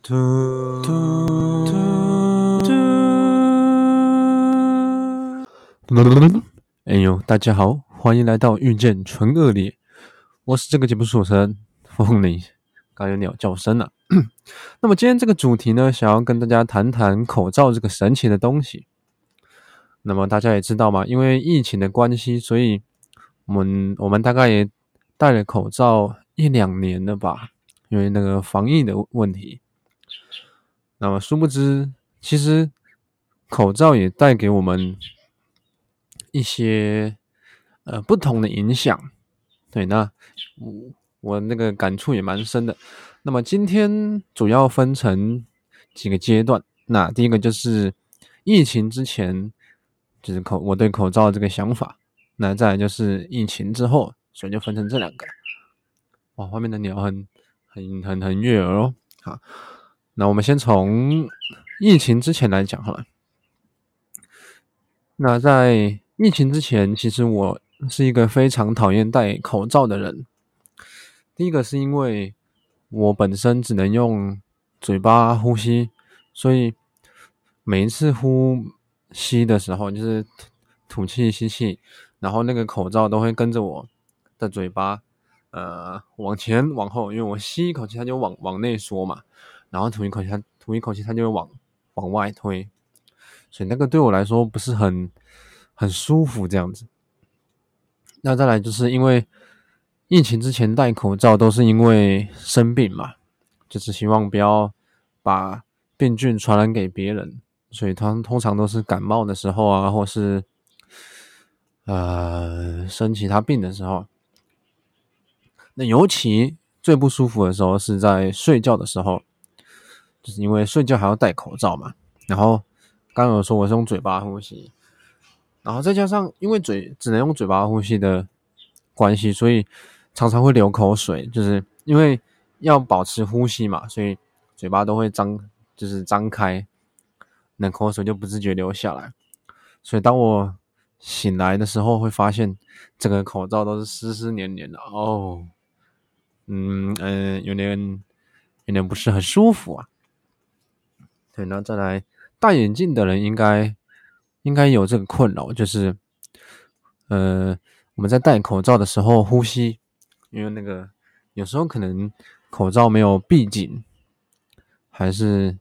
嘟嘟嘟嘟，哎呦，大家好，歡迎來到遇見純惡劣，我是這個節目的主持人風鈴，剛有鳥叫聲了，啊。 那麼今天這個主題呢，想要跟大家談談口罩這個神奇的東西。那麼大家也知道嘛，因為疫情的關係，所以我們我們大概也戴了口罩一兩年了吧，因為那個防疫的問題。那麼，殊不知，其實口罩也帶給我們一些呃不同的影響。對，那我我那個感觸也蠻深的，那麼今天主要分成幾個階段，那第一個就是疫情之前，就是口我對口罩這個想法。那再來就是疫情之後，所以就分成這兩個。哇，外面的鳥很很很很悅耳哦。啊。那我們先從疫情之前來講好了。那在疫情之前，其實我是一個非常討厭戴口罩的人。第一個是因為我本身只能用嘴巴呼吸，所以每一次呼吸的時候，就是吐氣、吸氣，然後那個口罩都會跟着我的嘴巴，呃，往前往後，因為我吸一口氣，它就往往內縮嘛。然後吐一口氣他，他吐一口氣，他就會往往外推，所以那個對我來說不是很很舒服這樣子。那再來就是因為疫情之前戴口罩都是因為生病嘛，就是希望不要把病菌傳染給別人，所以他通常都是感冒的時候啊，或是呃生其他病的時候。那尤其最不舒服的時候是在睡覺的時候。就是因為睡覺還要戴口罩嘛，然後剛剛有說我是用嘴巴呼吸，然後再加上因為嘴只能用嘴巴呼吸的關係，所以常常會流口水。就是因為要保持呼吸嘛，所以嘴巴都會張，就是張開，那口水就不自覺流下來。所以當我醒來的時候，會發現整個口罩都是濕濕黏黏的哦，嗯嗯、呃，有點有點不是很舒服啊。對，然後再來，戴眼鏡的人應該應該有這個困擾，就是，呃，我們在戴口罩的時候呼吸，因為那個有時候可能口罩沒有閉緊，還是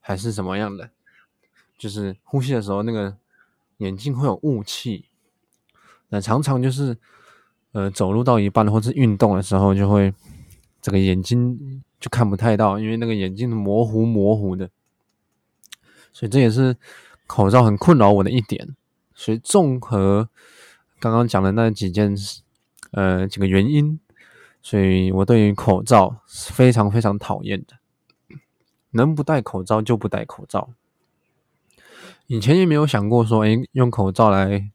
還是什麼樣的，就是呼吸的時候那個眼鏡會有霧氣，那常常就是，呃，走路到一半或者是運動的時候就會，這個眼睛就看不太到，因為那個眼鏡模糊模糊的。所以這也是口罩很困擾我的一點。所以綜合剛剛講的那幾件事，呃，幾個原因，所以我對於口罩是非常非常討厭的。能不戴口罩就不戴口罩。以前也沒有想過說，哎，用口罩來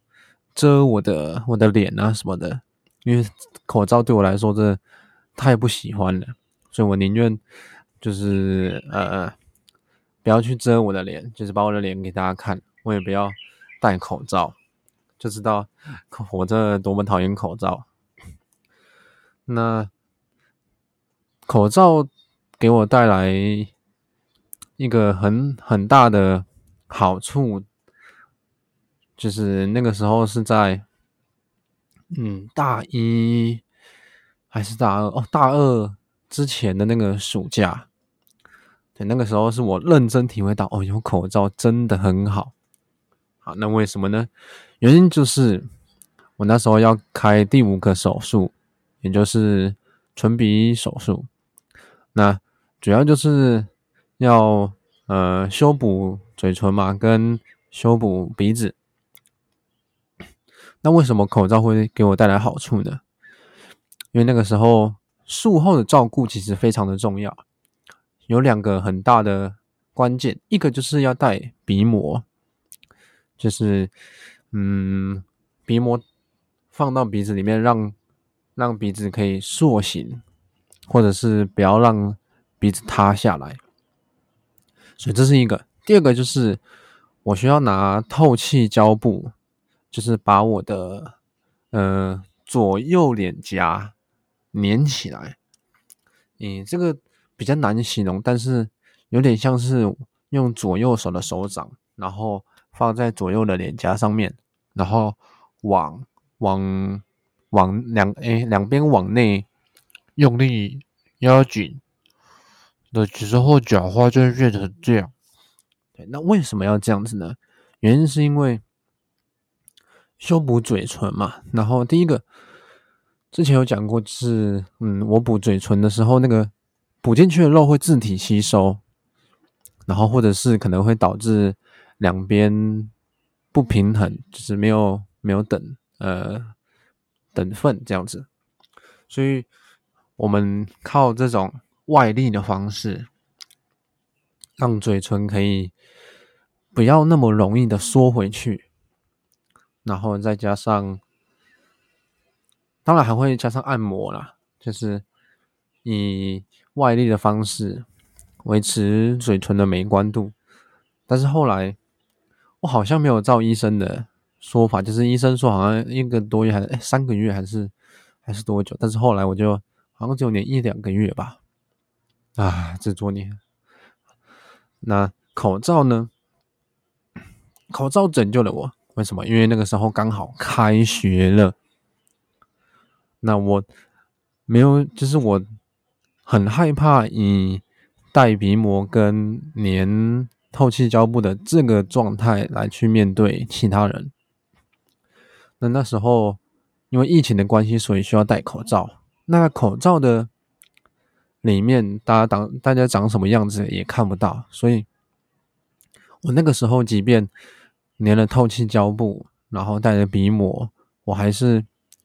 遮我的我的臉啊什麼的，因為口罩對我來說真的太不喜歡了。所以我寧願就是呃。不要去遮我的臉，就是把我的臉給大家看。我也不要戴口罩，就知道活著多麼討厭口罩。那口罩給我帶來一個很很大的好處，就是那個時候是在，嗯，大一，還是大二，哦？大二之前的那個暑假。那個時候是我認真體會到哦，有口罩真的很好。好，那為什麼呢？原因就是我那時候要開第五個手術，也就是唇鼻手術。那主要就是要呃修補嘴唇嘛，跟修補鼻子。那為什麼口罩會給我帶來好處呢？因為那個時候術後的照顧其實非常的重要。有兩個很大的關鍵，一個就是要戴鼻膜，就是嗯，鼻膜放到鼻子裡面讓，讓讓鼻子可以塑形，或者是不要讓鼻子塌下來。所以這是一個。第二個就是我需要拿透氣膠布，就是把我的呃左右臉頰粘起來。你、欸、這個。比較難形容，但是有點像是用左右手的手掌，然後放在左右的臉頰上面，然後往往往兩哎兩邊往內用力壓緊，對後的時候，角花就會變成這樣。對，那為什麼要這樣子呢？原因是因為修補嘴唇嘛。然後第一個之前有講過是，是嗯，我補嘴唇的時候那個。補進去的肉會自體吸收，然後或者是可能會導致兩邊不平衡，就是沒有沒有等呃等份這樣子，所以我們靠這種外力的方式，讓嘴唇可以不要那麼容易的縮回去，然後再加上，當然還會加上按摩啦，就是以，外力的方式維持嘴唇的美觀度，但是後來我好像沒有照醫生的說法，就是醫生說好像一個多月還是、欸、三個月，還是還是多久？但是後來我就好像只有連一兩個月吧，啊，這多年。那口罩呢？口罩拯救了我，為什麼？因為那個時候剛好開學了，那我沒有，就是我。很害怕以戴鼻膜跟粘透氣膠布的這個狀態來去面對其他人。那那時候因為疫情的關係，所以需要戴口罩。那個口罩的裡面，大家長大家長什麼樣子也看不到，所以我那個時候即便粘了透氣膠布，然後戴着鼻膜，我還是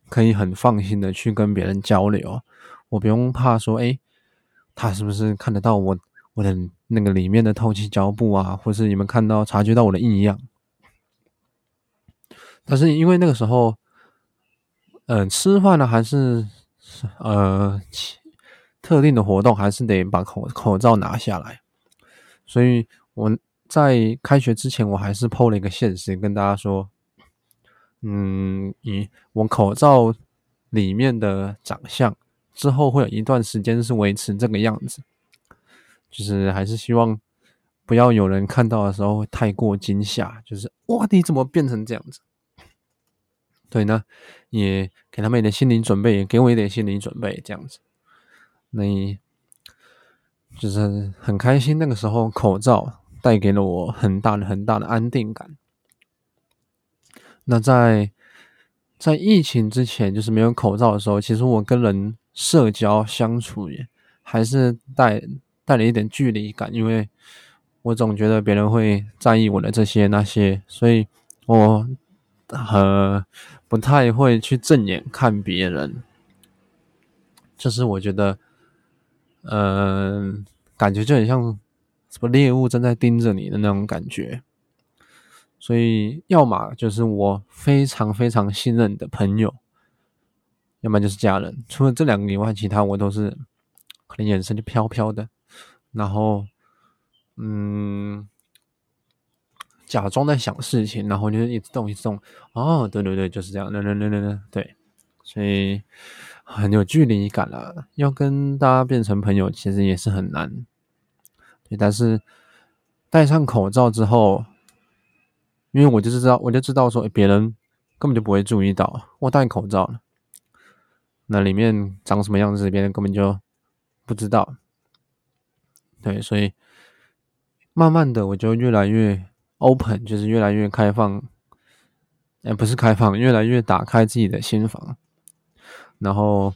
可以很放心的去跟別人交流，我不用怕說，哎。他是不是看得到我，我的那個裡面的透氣膠布啊，或是你們看到察覺到我的異樣？但是因為那個時候，嗯、呃，吃飯呢還是呃特定的活動，還是得把口口罩拿下來。所以我在開學之前，我還是 po 了一個現實跟大家說，嗯，以我口罩裡面的長相。之後會有一段時間是維持這個樣子，就是還是希望不要有人看到的時候會太過驚嚇，就是哇，你怎麼變成這樣子？對呢，也給他們一點心理準備，也給我一點心理準備，這樣子，你就是很開心。那個時候口罩帶給了我很大的很大的安定感。那在在疫情之前，就是沒有口罩的時候，其實我跟人。社交相處也還是帶帶了一點距離感，因為我總覺得別人會在意我的這些那些，所以我很、呃、不太會去正眼看別人。就是我覺得，嗯、呃，感覺就很像什麼獵物正在盯着你的那種感覺。所以，要麼就是我非常非常信任的朋友。要麼就是家人，除了這兩個以外，其他我都是可能眼神就飄飄的，然後嗯，假裝在想事情，然後就一直動一直動。哦，對對對，就是這樣，那那那那對，所以很有距離感了。要跟大家變成朋友，其實也是很難。對，但是戴上口罩之後，因為我就是知道，我就知道說，欸，別人根本就不會注意到我戴口罩了。那裡面長什麼樣子，別人根本就不知道。對，所以慢慢的我就越來越 open，就是越來越開放，哎、欸，不是開放，越來越打開自己的心房，然後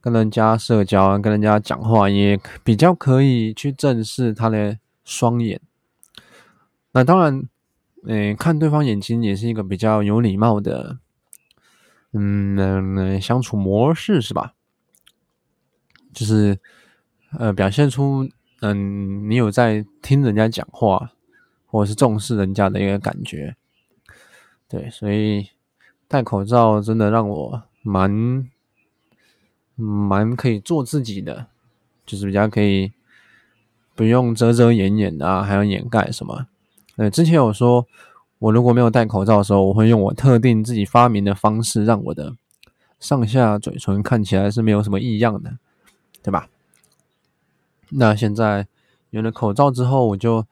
跟人家社交，跟人家講話，也比較可以去正視他的雙眼。那當然，嗯、欸，看對方眼睛也是一個比較有禮貌的。嗯，那、嗯、那相處模式是吧？就是呃，表現出嗯，你有在聽人家講話，或者是重視人家的一個感覺。對，所以戴口罩真的讓我蠻蠻可以做自己的，就是比較可以不用遮遮掩掩的、啊，還要掩蓋什麼？呃，之前有說。我如果沒有戴口罩的時候，我會用我特定自己發明的方式，讓我的上下嘴唇看起來是沒有什麼異樣的，對吧？那現在有了口罩之後，我就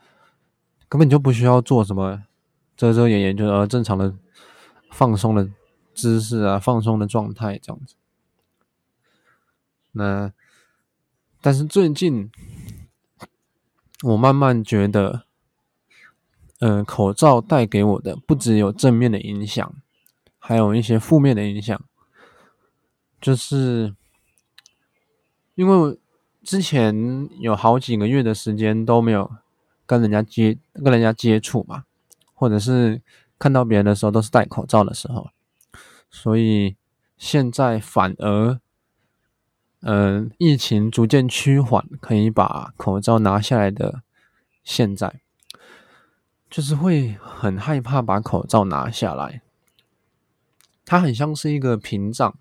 根本就不需要做什麼遮遮掩掩，就呃、是、正常的放鬆的姿勢啊，放鬆的狀態這樣子。那但是最近我慢慢覺得。嗯、呃，口罩帶給我的不只有正面的影響，還有一些負面的影響。就是，因為之前有好幾個月的時間都沒有跟人家接、跟人家接觸嘛，或者是看到別人的時候都是戴口罩的時候，所以現在反而，嗯、呃，疫情逐漸趨緩，可以把口罩拿下來的現在。就是會很害怕把口罩拿下來，它很像是一個屏障，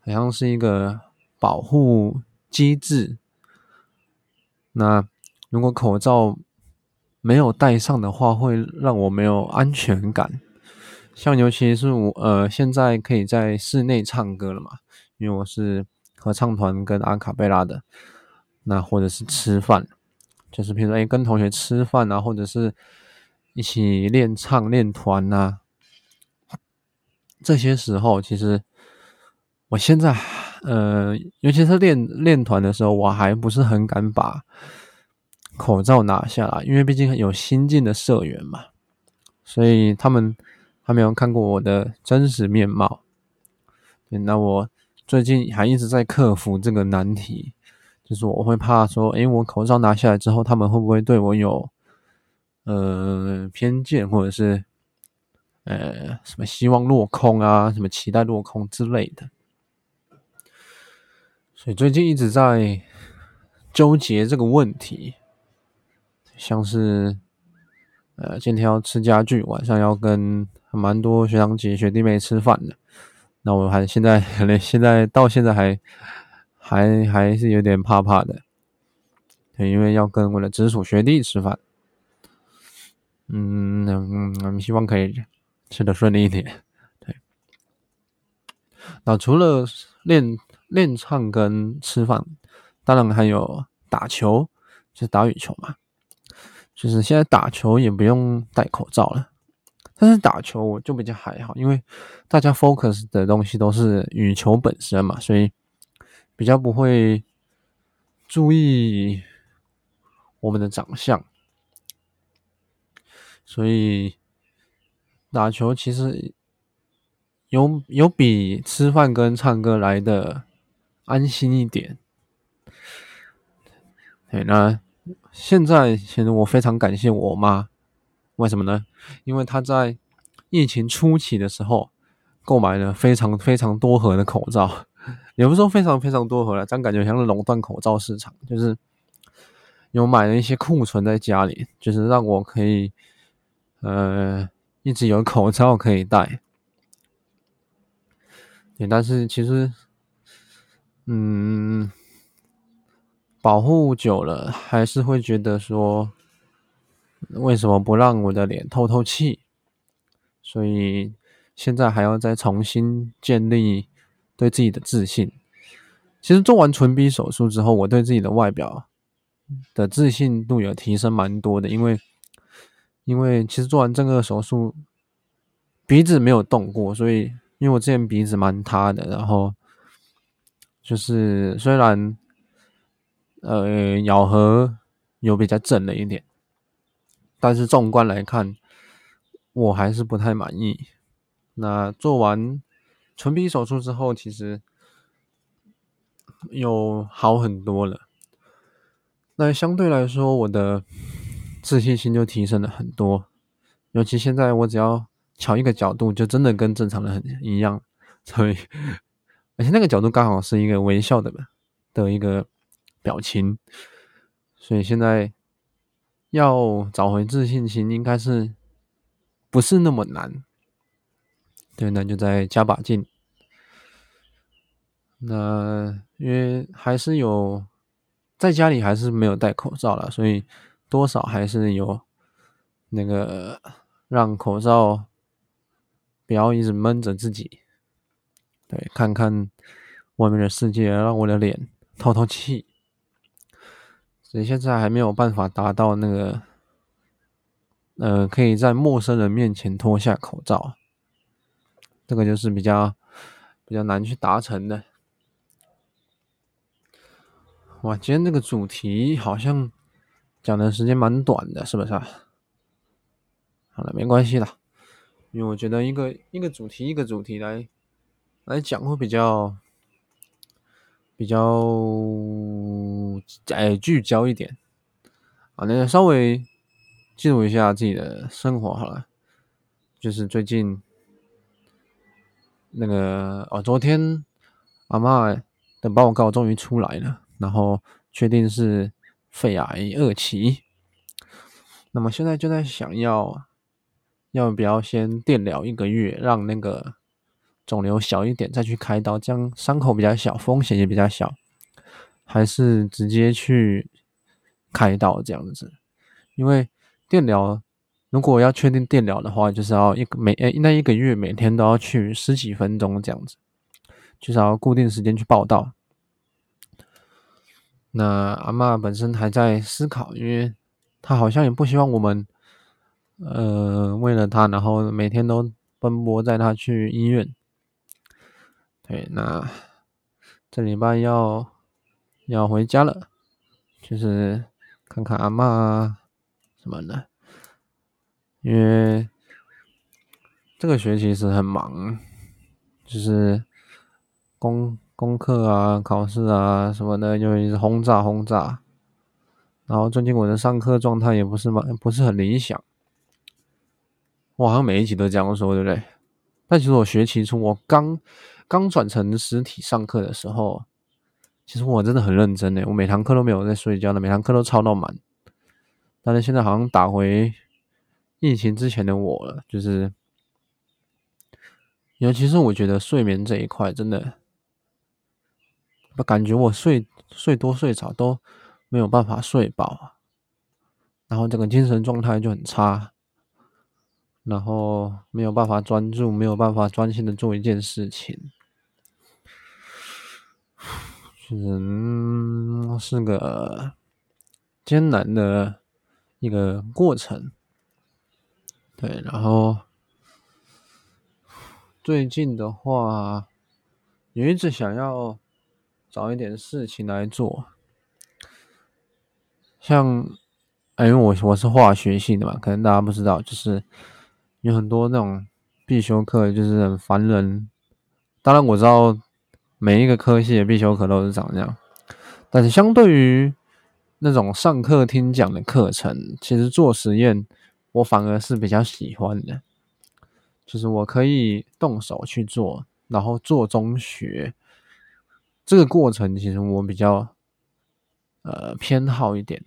很像是一個保護機制。那如果口罩沒有戴上的話，會讓我沒有安全感。像尤其是我呃，現在可以在室內唱歌了嘛，因為我是合唱團跟阿卡貝拉的。那或者是吃飯，就是平常也跟同學吃飯啊，或者是。一起練唱、練團吶、啊，這些時候其實，我現在，呃，尤其是練練團的時候，我還不是很敢把口罩拿下來，因為畢竟有新進的社員嘛，所以他們還沒有看過我的真實面貌。對，那我最近還一直在克服這個難題，就是我會怕說，哎，我口罩拿下來之後，他們會不會對我有？呃，偏見或者是呃，什麼希望落空啊，什麼期待落空之類的，所以最近一直在糾結這個問題。像是呃，今天要吃家具，晚上要跟蠻多學長姐、學弟妹吃飯的，那我還現在連現在到現在還還還是有點怕怕的，對，因為要跟我的直屬學弟吃飯。嗯，嗯我們、嗯、希望可以吃得順利一點。對，那除了練練唱跟吃飯，當然還有打球，就是打羽球嘛。就是現在打球也不用戴口罩了，但是打球我就比較還好，因為大家 focus 的東西都是羽球本身嘛，所以比較不會注意我們的長相。所以，打球其實有有比吃飯跟唱歌來的安心一點。對，那現在其實我非常感謝我媽，為什麼呢？因為她在疫情初期的時候購買了非常非常多盒的口罩，也不是說非常非常多盒了，但感覺像是壟斷口罩市場，就是有買了一些庫存在家裡，就是讓我可以。呃，一直有口罩可以戴，對，但是其實，嗯，保護久了還是會覺得說，為什麼不讓我的臉透透氣？所以現在還要再重新建立對自己的自信。其實做完唇鼻手術之後，我對自己的外表的自信度有提升蠻多的，因為。因為其實做完這個手術，鼻子沒有動過，所以因為我之前鼻子蠻塌的，然後就是雖然呃咬合有比較正了一點，但是縱觀來看，我還是不太滿意。那做完唇鼻手術之後，其實有好很多了。那相對來說，我的。自信心就提升了很多，尤其現在我只要喬一個角度，就真的跟正常人一樣。所以，而且那個角度剛好是一個微笑的的一個表情，所以現在要找回自信心，應該是不是那麼難。對，那就再加把勁。那因為還是有在家裡還是沒有戴口罩了，所以。多少還是有那個讓口罩不要一直悶着自己，對，看看外面的世界，讓我的臉透透氣。所以現在還沒有辦法達到那個，呃，可以在陌生人面前脫下口罩，這個就是比較比較難去達成的。哇，今天那個主題好像。講的時間蠻短的，是不是啊？好了，沒關係啦，因為我覺得一個一個主題一個主題來來講會比較比較哎聚焦一點啊。那個稍微記錄一下自己的生活好了，就是最近那個哦，昨天阿嬤的報告終於出來了，然後確定是肺癌、啊、二期，那麼現在就在想要要不要先電療一個月，讓那個腫瘤小一點，再去開刀，這樣傷口比較小，風險也比較小，還是直接去開刀這樣子？因為電療如果要確定電療的話，就是要一每誒、欸、那一個月每天都要去十幾分鐘這樣子，至、就、少、是、要固定時間去報到。那阿嬤本身還在思考，因為她好像也不希望我們，呃，為了她，然後每天都奔波帶她去醫院。對，那這禮拜要要回家了，就是看看阿嬤啊什麼的，因為這個學期是很忙，就是工，功課啊，考試啊什麼的，就一直轟炸轟炸。然後最近我的上課狀態也不是蠻，不是很理想。我好像每一集都這樣說，對不對？但其實我學期初，我剛剛轉成實體上課的時候，其實我真的很認真誒，我每堂課都沒有在睡覺的，每堂課都抄到滿。但是現在好像打回疫情之前的我了，就是，尤其是我覺得睡眠這一塊真的。我感覺我睡睡多睡少都沒有辦法睡飽啊，然後整個精神狀態就很差，然後沒有辦法專注，沒有辦法專心的做一件事情，嗯，是個艱難的一個過程。對，然後最近的話，有一直想要。找一點事情來做，像，哎，因為我我是化學系的嘛，可能大家不知道，就是有很多那種必修課就是很煩人。當然我知道每一個科系的必修課都是長這樣，但是相對於那種上課聽講的課程，其實做實驗我反而是比較喜歡的，就是我可以動手去做，然後做中學。這個過程其實我比較，呃，偏好一點，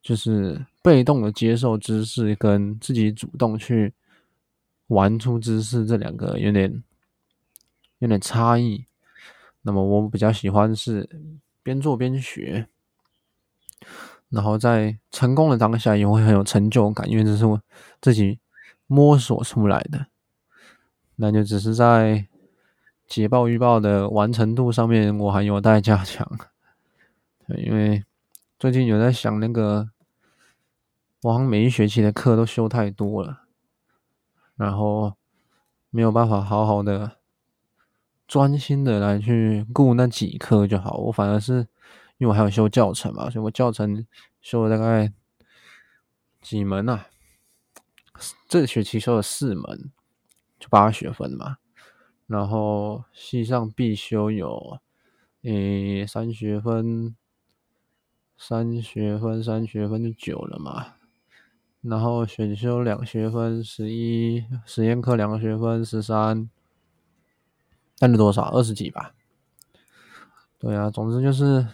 就是被動的接受知識跟自己主動去玩出知識這兩個有點有點差異。那麼我比較喜歡是邊做邊學，然後在成功的當下也會很有成就感，因為這是我自己摸索出來的。那就只是在。捷報預報的完成度上面，我還有待加強。對，因為最近有在想那個，我好像每一學期的課都修太多了，然後沒有辦法好好的專心的來去顧那幾科就好。我反而是因為我還要修教程嘛，所以我教程修了大概幾門啊，這學期修了四門，就八學分嘛。然後系上必修有，誒三學分，三學分，三學分就九了嘛。然後選修兩學分，十一實驗課兩個學分，十三，但是多少？二十幾吧。對啊，總之就是，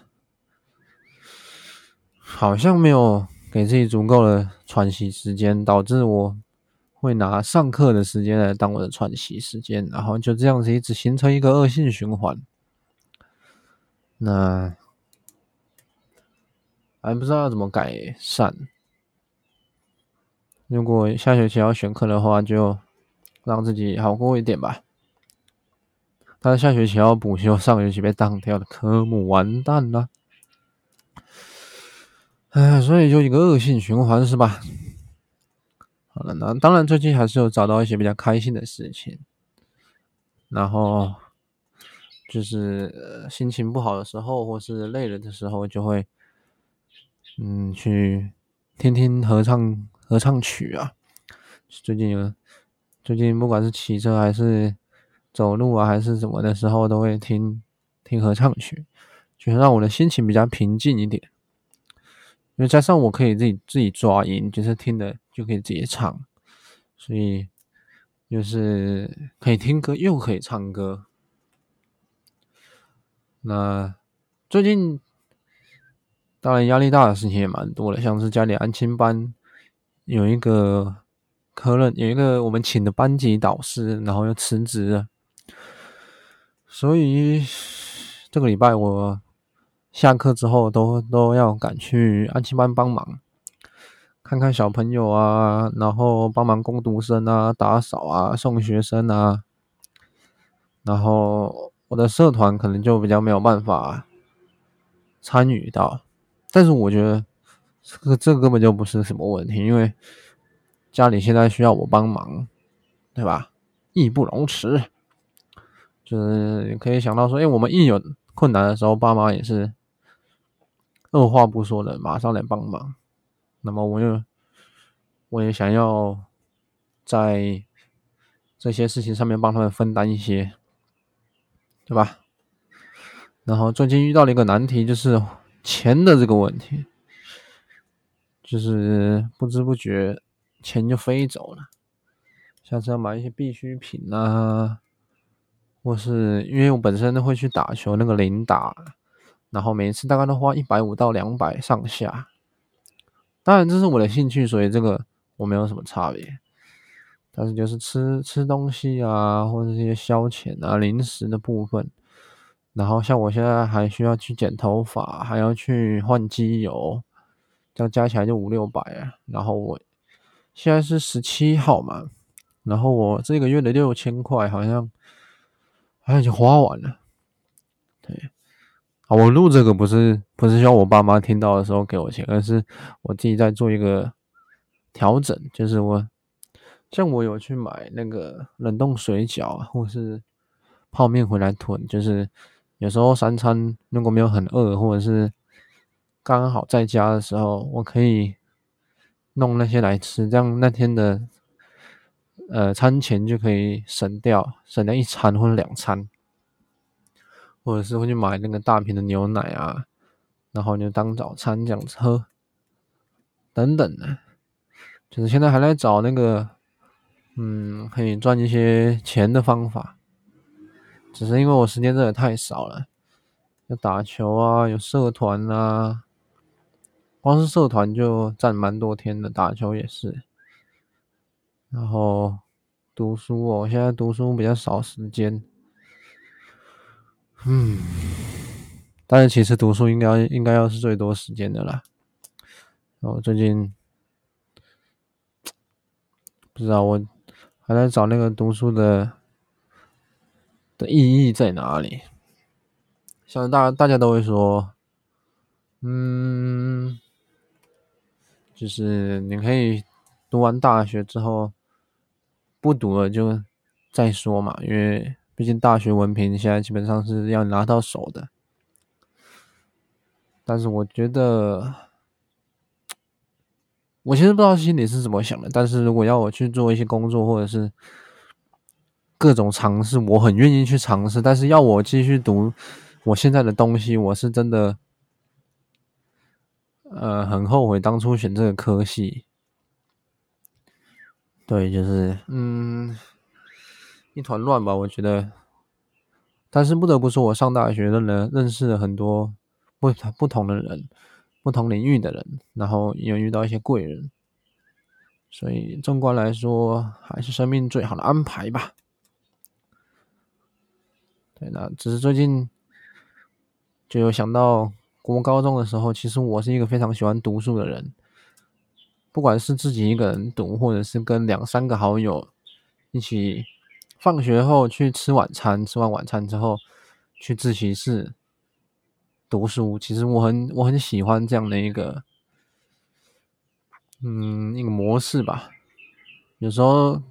好像沒有給自己足夠的喘息時間，導致我。會拿上課的時間來當我的喘息時間，然後就這樣子一直形成一個惡性循環。那還不知道要怎麼改善。如果下學期要選課的話，就讓自己好過一點吧。但是下學期要補修上學期被當掉的科目，完蛋了。唉，所以就一個惡性循環，是吧？那當然，最近還是有找到一些比較開心的事情。然後就是心情不好的時候，或是累了的時候，就會嗯去聽聽合唱合唱曲啊。最近，有，最近不管是騎車還是走路啊，還是什麼的時候，都會聽聽合唱曲，就讓我的心情比較平靜一點。因為加上我可以自己自己抓音，就是聽的。就可以直接唱，所以就是可以聽歌又可以唱歌。那最近當然壓力大的事情也蠻多的，像是家裡安親班有一個科任，有一個我們請的班級導師，然後又辭職，所以這個禮拜我下課之後都都要趕去安親班幫忙。看看小朋友啊，然後幫忙工讀生啊，打掃啊，送學生啊，然後我的社團可能就比較沒有辦法參與到，但是我覺得這個這根本就不是什麼問題，因為家裡現在需要我幫忙，對吧？義不容辭，就是你可以想到說，哎，我們一有困難的時候，爸媽也是二話不說的，馬上來幫忙。那麼，我又，我也想要在這些事情上面幫他們分擔一些，對吧？然後最近遇到了一個難題，就是錢的這個問題，就是不知不覺錢就飛走了。下次要買一些必需品啊，或是因為我本身都會去打球，那個零打，然後每一次大概都花一百五到兩百上下。當然，這是我的興趣，所以這個我沒有什麼差別。但是就是吃吃東西啊，或者一些消遣啊、零食的部分。然後像我現在還需要去剪頭髮，還要去換機油，這樣加起來就五六百啊，然後我現在是十七號嘛，然後我這個月的六千塊好像，好像已經花完了。對。我錄這個不是不是要我爸媽聽到的時候給我錢，而是我自己在做一個調整。就是我像我有去買那個冷凍水餃啊，或是泡麵回來囤，就是有時候三餐如果沒有很餓，或者是剛好在家的時候，我可以弄那些來吃，這樣那天的呃餐錢就可以省掉，省掉一餐或者兩餐。或者是會去買那個大瓶的牛奶啊，然後就當早餐這樣吃，等等呢、啊，就是現在還在找那個，嗯，可以賺一些錢的方法，只是因為我時間真的太少了，要打球啊，有社團啊，光是社團就占蠻多天的，打球也是。然後讀書哦，我現在讀書比較少時間。嗯，但是其實讀書應該應該要是最多時間的啦，我最近不知道，我還在找那個讀書的的意義在哪裡。像大大家都會說，嗯，就是你可以讀完大學之後不讀了就再說嘛，因為。畢竟大學文憑現在基本上是要拿到手的，但是我覺得，我其實不知道心裡是怎麼想的。但是如果要我去做一些工作，或者是各種嘗試，我很願意去嘗試。但是要我繼續讀我現在的東西，我是真的，呃，很後悔當初選這個科系。對，就是嗯。一團亂吧，我覺得。但是不得不說，我上大學的人，認識了很多不不同的人，不同領域的人，然後也遇到一些貴人，所以縱觀來說，還是生命最好的安排吧。對的，那只是最近就有想到，國高中的時候，其實我是一個非常喜歡讀書的人，不管是自己一個人讀，或者是跟兩三個好友一起。放學後去吃晚餐，吃完晚餐之後去自習室讀書。其實我很我很喜歡這樣的一個，嗯，一個模式吧。有時候跟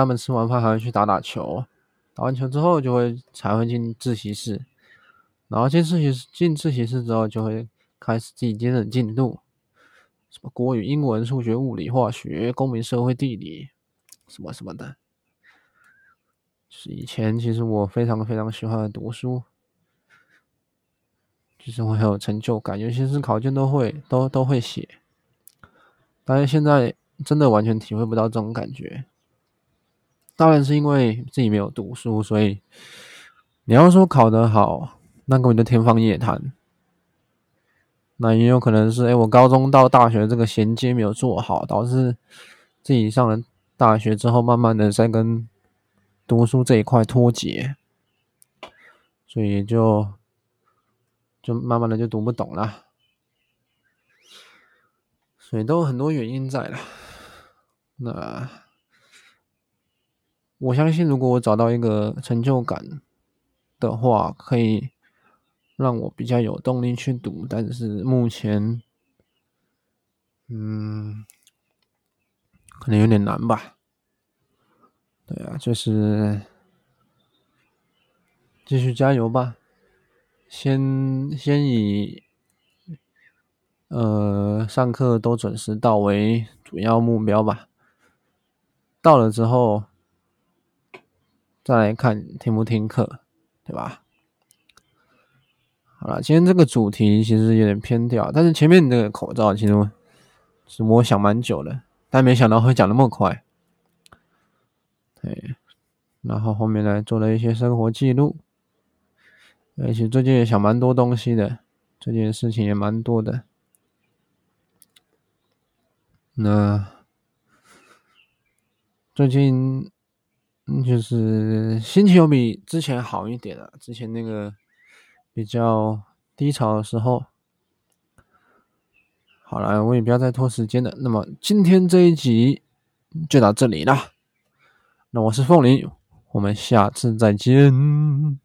他們吃完飯還會去打打球，打完球之後就會才會進自習室，然後進自習室進自習室之後就會開始自己接着進度，什麼國語、英文、數學、物理、化學、公民、社會、地理，什麼什麼的。是以前，其實我非常非常喜歡讀書，就是我很有成就感，尤其是考卷都會，都都會寫。但是現在真的完全體會不到這種感覺，當然是因為自己沒有讀書，所以你要說考得好，那根本就天方夜譚。那也有可能是，哎、欸，我高中到大學這個銜接沒有做好，導致自己上了大學之後，慢慢的在跟。讀書這一塊脫節，所以就就慢慢的就讀不懂了，所以都有很多原因在了。那我相信，如果我找到一個成就感的話，可以讓我比較有動力去讀。但是目前，嗯，可能有點難吧。對啊，就是繼續加油吧。先先以呃上課都準時到為主要目標吧。到了之後再來看聽不聽課，對吧？好了，今天這個主題其實有點偏掉，但是前面那個口罩其實是我想蠻久了，但沒想到會講那麼快。哎，然後後面呢，做了一些生活記錄，而且最近也想蠻多東西的，這件事情也蠻多的。那最近就是心情有比之前好一點了，之前那個比較低潮的時候。好了，我也不要再拖時間了。那麼今天這一集就到這裡了。那我是鳳麟，我們下次再見。